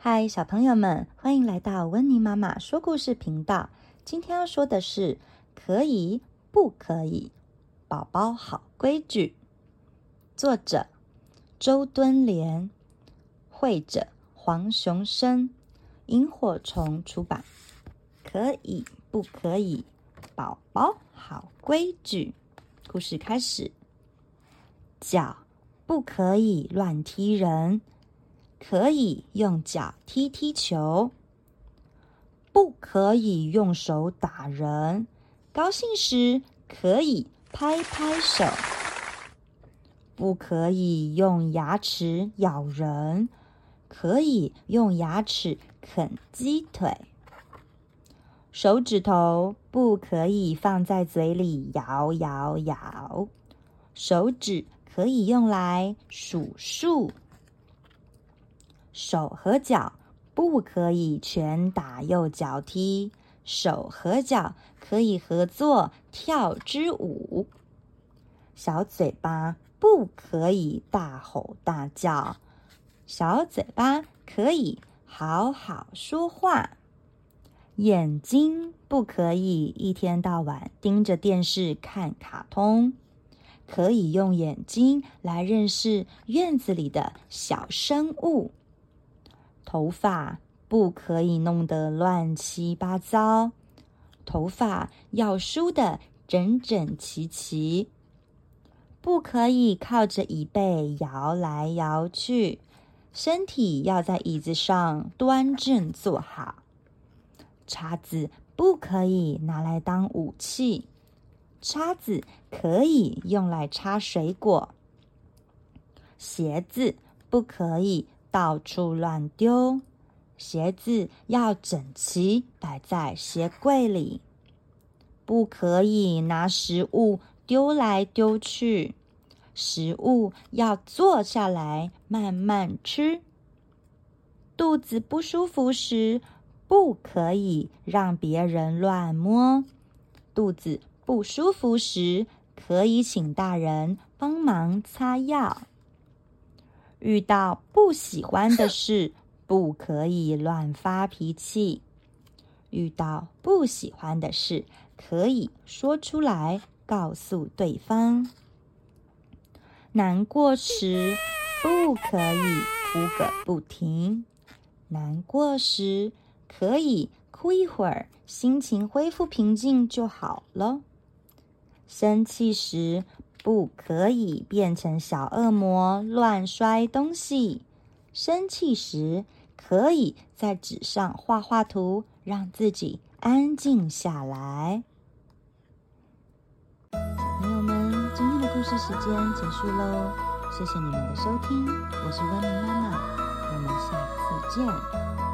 嗨，小朋友們，歡迎來到溫妮媽媽說故事頻道。今天要說的是，可以不可以？寶寶好規矩。作者：鄒敦伶，繪者：黃雄生，螢火蟲出版。可以不可以？寶寶好規矩。故事開始。腳不可以亂踢人。可以用腳踢踢球，不可以用手打人。高興時可以拍拍手，不可以用牙齒咬人，可以用牙齒啃雞腿。手指頭不可以放在嘴裡咬咬咬。手指可以用來數數。手和腳不可以拳打右腳踢，手和腳可以合作跳支舞。小嘴巴不可以大吼大叫，小嘴巴可以好好說話。眼睛不可以一天到晚盯着電視看卡通，可以用眼睛來認識院子裡的小生物。頭髮不可以弄得亂七八糟，頭髮要梳得整整齊齊。不可以靠着椅背搖來搖去，身體要在椅子上端正坐好。叉子不可以拿來當武器，叉子可以用來插水果。鞋子不可以，到處亂丟，鞋子要整齊擺在鞋櫃裡，不可以拿食物丟來丟去。食物要坐下來慢慢吃。肚子不舒服時，不可以讓別人亂摸。肚子不舒服時，可以請大人幫忙擦藥。遇到不喜歡的事，不可以亂發脾氣；遇到不喜歡的事，可以說出來告訴對方。難過時不可以哭個不停，難過時可以哭一會兒，心情恢復平靜就好了。生氣時，不可以變成小惡魔亂摔東西，生氣時可以在紙上畫畫圖，讓自己安靜下來。小朋友們，今天的故事時間結束嘍，謝謝你們的收聽，我是溫妮媽媽，我們下次見。